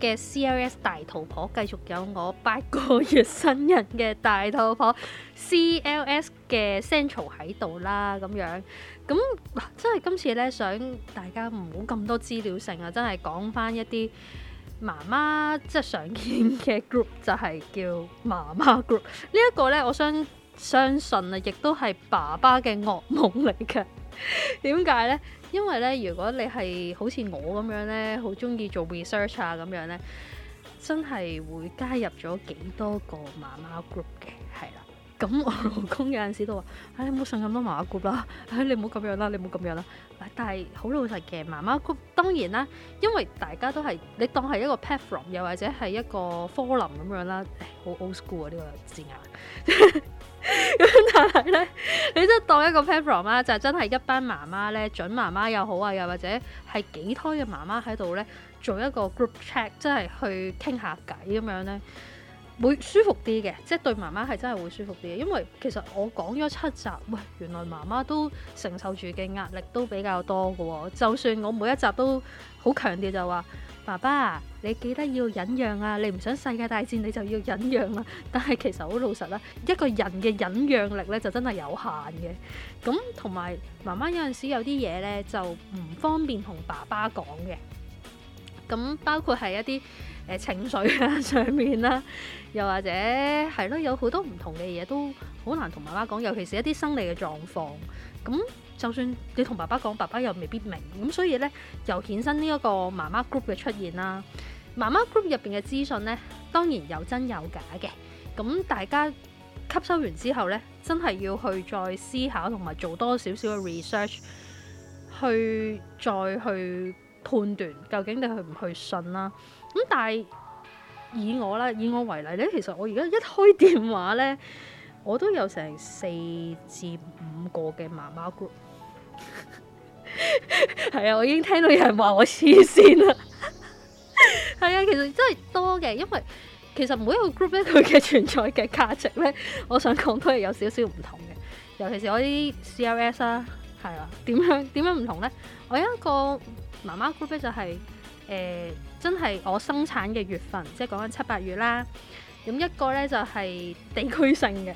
嘅 CLS 大肚婆繼續有我八個月新人嘅大肚婆 CLS 嘅 central 喺度啦，咁樣咁真係今次咧，想大家唔好咁多資料性啊，真係講翻一啲媽媽即係常見嘅 group，就係叫媽媽 group。呢一個咧，我相相信啊，亦都係爸爸嘅噩夢嚟嘅。點解呢？因為咧，如果你係好似我咁樣咧，好中意做 research 啊，咁樣咧，真係會加入咗幾多個媽媽 group 嘅。咁我老公有陣時都話，唉、哎，你唔好上咁多麻媽 g 啦、啊，唉、哎，你唔好咁樣啦，你唔好咁樣啦。但係好老實嘅媽媽 g r 當然啦，因為大家都係你當係一個 platform，又或者係一個科林 r 咁樣啦，好 old school 啊呢、這個字眼。咁 但係咧，你真當一個 platform 啦，就真係一班媽媽咧，準媽媽又好啊，又或者係幾胎嘅媽媽喺度咧，做一個 group chat，即係去傾下偈咁樣咧。會舒服啲嘅，即係對媽媽係真係會舒服啲嘅，因為其實我講咗七集，喂，原來媽媽都承受住嘅壓力都比較多嘅喎，就算我每一集都好強調就話，爸爸你記得要忍讓啊，你唔想世界大戰你就要忍讓啊，但係其實好老實啦，一個人嘅忍讓力咧就真係有限嘅，咁同埋媽媽有陣時有啲嘢咧就唔方便同爸爸講嘅，咁包括係一啲。誒情緒啊上面啦，又或者係咯，有好多唔同嘅嘢都好難同媽媽講，尤其是一啲生理嘅狀況。咁就算你同爸爸講，爸爸又未必明。咁所以呢，又衍生呢一個媽媽 group 嘅出現啦。媽媽 group 入邊嘅資訊呢，當然有真有假嘅。咁大家吸收完之後呢，真係要去再思考同埋做多少少嘅 research，去再去判斷究竟你去唔去信啦。咁但係以我咧，以我為例咧，其實我而家一開電話咧，我都有成四至五個嘅媽媽 group。係 啊，我已經聽到有人話我黐線啦。係啊，其實真係多嘅，因為其實每一個 group 咧，佢嘅存在嘅價值咧，我想講都係有少少唔同嘅。尤其是我啲 CRS 啊，係啊，點樣點樣唔同咧？我有一個媽媽 group 咧，就是，就係誒。真係我生產嘅月份，即係講緊七八月啦。咁一個呢就係地區性嘅，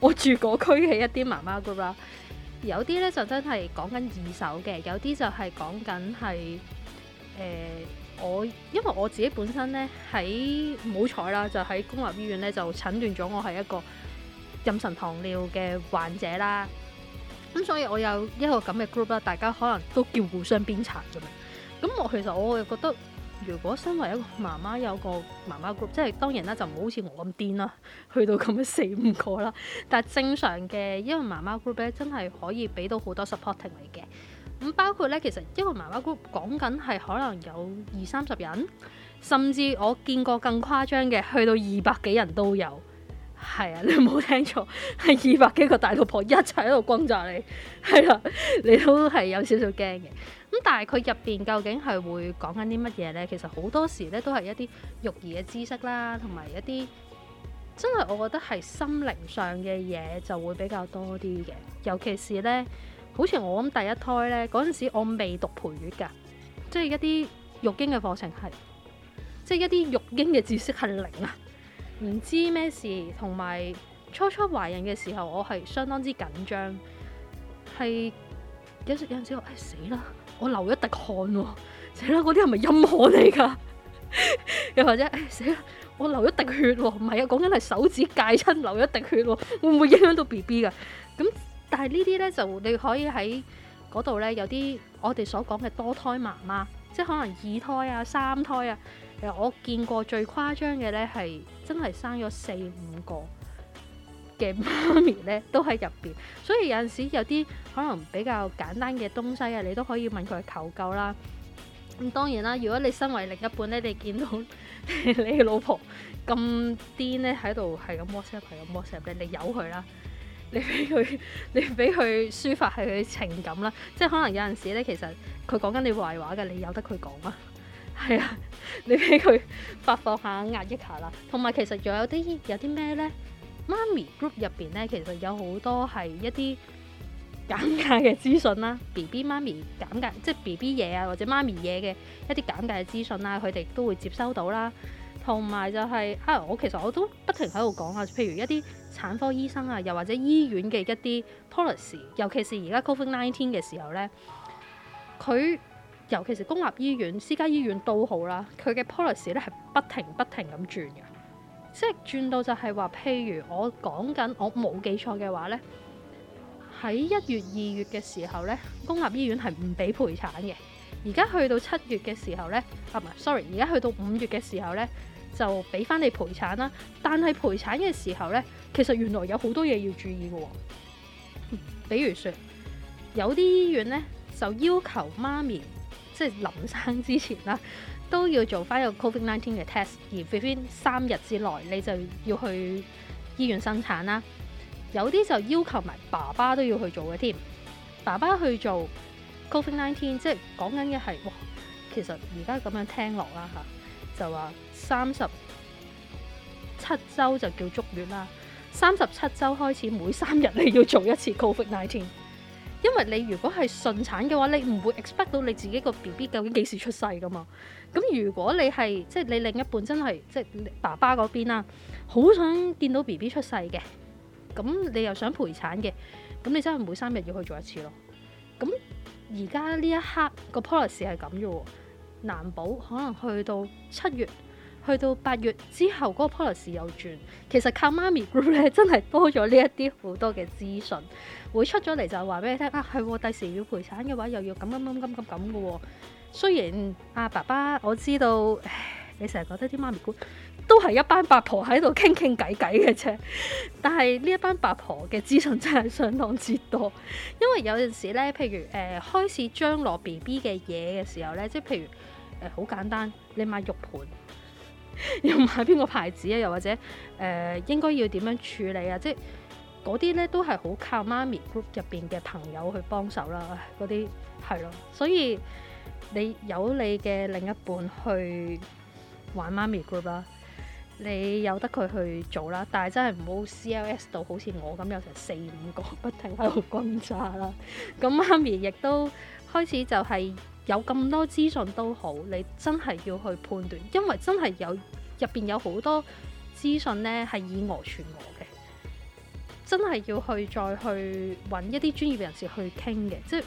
我住嗰區嘅一啲媽媽 group 啦。有啲呢就真係講緊二手嘅，有啲就係講緊係誒我，因為我自己本身呢，喺冇彩啦，就喺公立醫院呢，就診斷咗我係一個妊娠糖尿嘅患者啦。咁所以我有一個咁嘅 group 啦，大家可能都叫互相鞭策咁樣。咁我其實我又覺得。如果身為一個媽媽有個媽媽 group，即係當然啦，就唔好好似我咁癲啦，去到咁樣四五個啦。但係正常嘅一個媽媽 group 咧，真係可以俾到好多 supporting 嚟嘅。咁包括咧，其實一個媽媽 group 講緊係可能有二三十人，甚至我見過更誇張嘅，去到二百幾人都有。係啊，你冇聽錯，係二百幾個大老婆一齊喺度轟炸你，係啦，你都係有少少驚嘅。咁但係佢入邊究竟係會講緊啲乜嘢呢？其實好多時呢，都係一啲育兒嘅知識啦，同埋一啲真係我覺得係心靈上嘅嘢就會比較多啲嘅。尤其是呢，好似我咁第一胎呢，嗰陣時我未讀陪月噶，即係一啲育嬰嘅課程係，即係一啲育嬰嘅知識係零啊。唔知咩事，同埋初初懷孕嘅時候，我係相當之緊張，係有時有陣時話：哎死啦！我流一滴汗喎，哦，死啦！嗰啲係咪陰汗嚟㗎？ 又或者哎死啦！我流一滴血喎，哦，唔係啊，講緊係手指戒親流一滴血喎，哦，會唔會影響到 BB 㗎？咁但係呢啲咧就你可以喺嗰度咧有啲我哋所講嘅多胎媽媽，即係可能二胎啊、三胎啊。其實我見過最誇張嘅咧，係真係生咗四五個嘅媽咪咧，都喺入邊。所以有陣時有啲可能比較簡單嘅東西啊，你都可以問佢求救啦。咁當然啦，如果你身為另一半咧，你見到你老婆咁癲咧喺度係咁 WhatsApp 係咁 WhatsApp 佢咧，你由佢啦，你俾佢你俾佢抒發係佢情感啦。即係可能有陣時咧，其實佢講緊你壞話嘅，你由得佢講啊。係啊， 你俾佢發放下壓抑下啦。同埋其實仲有啲有啲咩咧？媽咪 group 入邊咧，其實有好多係一啲減價嘅資訊啦。BB 媽咪減價，即係 BB 嘢啊，或者媽咪嘢嘅一啲減價嘅資訊啦，佢哋都會接收到啦。同埋就係、是、啊、哎，我其實我都不停喺度講啊，譬如一啲產科醫生啊，又或者醫院嘅一啲 policy，尤其是而家 COVID-19 嘅時候咧，佢。尤其是公立醫院、私家醫院都好啦，佢嘅 policy 咧係不停不停咁轉嘅，即係轉到就係話，譬如我講緊我冇記錯嘅話呢，喺一月、二月嘅時候呢，公立醫院係唔俾陪產嘅，而家去到七月嘅時候呢，啊唔係，sorry，而家去到五月嘅時候呢，就俾翻你陪產啦。但係陪產嘅時候呢，其實原來有好多嘢要注意嘅喎，嗯，譬如說，有啲醫院呢，就要求媽咪。即係臨生之前啦，都要做翻一個 Covid nineteen 嘅 test，而偏偏三日之內你就要去醫院生產啦。有啲就要求埋爸爸都要去做嘅添，爸爸去做 Covid nineteen，即係講緊嘅係哇，其實而家咁樣聽落啦嚇，就話三十七週就叫足月啦，三十七週開始每三日你要做一次 Covid nineteen。因為你如果係順產嘅話，你唔會 expect 到你自己個 BB 究竟幾時出世㗎嘛。咁如果你係即係你另一半真係即係爸爸嗰邊啦，好想見到 BB 出世嘅，咁你又想陪產嘅，咁你真係每三日要去做一次囉。咁而家呢一刻個 policy 係咁嘅喎，難保可能去到七月。去到八月之後，嗰個 policy 又轉，其實靠媽咪 group 咧，真係多咗呢一啲好多嘅資訊，會出咗嚟就係話俾你聽啊，係，第時要陪產嘅話，又要咁咁咁咁咁咁嘅喎。雖然啊，爸爸，我知道唉你成日覺得啲媽咪 group 都係一班八婆喺度傾傾偈偈嘅啫，但係呢一班八婆嘅資訊真係相當之多，因為有陣時咧，譬如誒、呃、開始張羅 B B 嘅嘢嘅時候咧，即係譬如誒好、呃、簡單，你買浴盆。 又買邊個牌子啊？又或者誒、呃，應該要點樣處理啊？即係嗰啲咧都係好靠媽咪 group 入邊嘅朋友去幫手啦。嗰啲係咯，所以你有你嘅另一半去玩媽咪 group 啦，你由得佢去做啦。但係真係唔好 CLS 到好似我咁，有成四五個不停喺度轟炸啦。咁 媽咪亦都開始就係、是。有咁多資訊都好，你真係要去判斷，因為真係有入邊有好多資訊呢係以訛傳訛嘅，真係要去再去揾一啲專業嘅人士去傾嘅，即係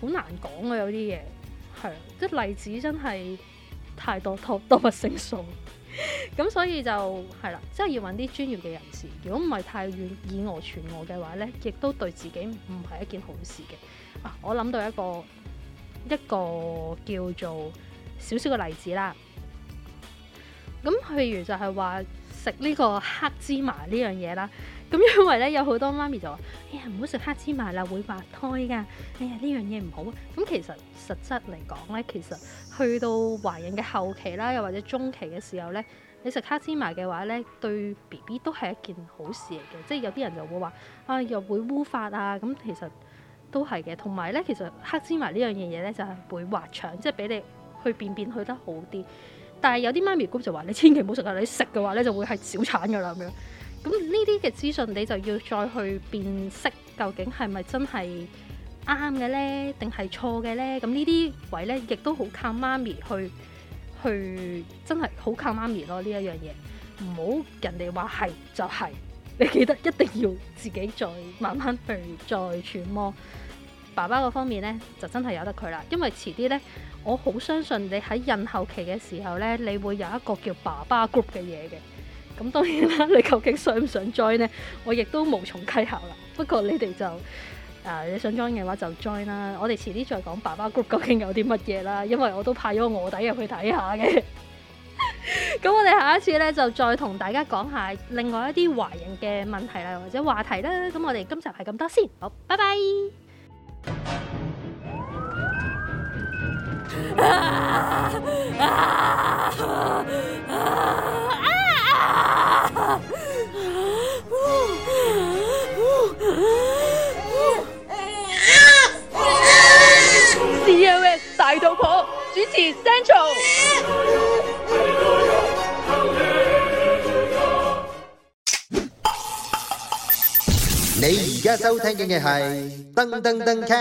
好難講啊！有啲嘢係即係例子真係太多多多不勝數，咁 所以就係啦，真係要揾啲專業嘅人士。如果唔係太遠以訛傳訛嘅話呢，亦都對自己唔係一件好事嘅。啊，我諗到一個。一個叫做少少嘅例子啦，咁譬如就係話食呢個黑芝麻呢樣嘢啦，咁因為咧有好多媽咪就話：哎呀唔好食黑芝麻啦，會滑胎㗎，哎呀呢樣嘢唔好。咁其實實質嚟講咧，其實去到懷孕嘅後期啦，又或者中期嘅時候咧，你食黑芝麻嘅話咧，對 BB 都係一件好事嚟嘅。即係有啲人就會話：啊又會烏髮啊！咁其實。都係嘅，同埋咧，其實黑芝麻呢樣嘢嘢咧就係、是、會滑腸，即係俾你去便便去得好啲。但係有啲媽咪姑就話你千祈唔好食啊！你食嘅話咧就會係小產噶啦咁樣。咁呢啲嘅資訊你就要再去辨識，究竟係咪真係啱嘅咧，定係錯嘅咧？咁呢啲位咧亦都好靠媽咪去，去真係好靠媽咪咯。呢一樣嘢唔好人哋話係就係、是。你記得一定要自己再慢慢去再揣摩爸爸嗰方面呢，就真係由得佢啦。因為遲啲呢，我好相信你喺孕後期嘅時候呢，你會有一個叫爸爸 group 嘅嘢嘅。咁當然啦，你究竟想唔想 join 咧？我亦都無從稽考啦。不過你哋就啊、呃，你想 join 嘅話就 join 啦。我哋遲啲再講爸爸 group 究竟有啲乜嘢啦。因為我都派咗臥底入去睇下嘅。咁 我哋下一次呢，就再同大家講下另外一啲華人嘅問題啦，或者話題啦。咁我哋今集係咁多先，好，拜拜。 今日收聽嘅係噔噔噔車。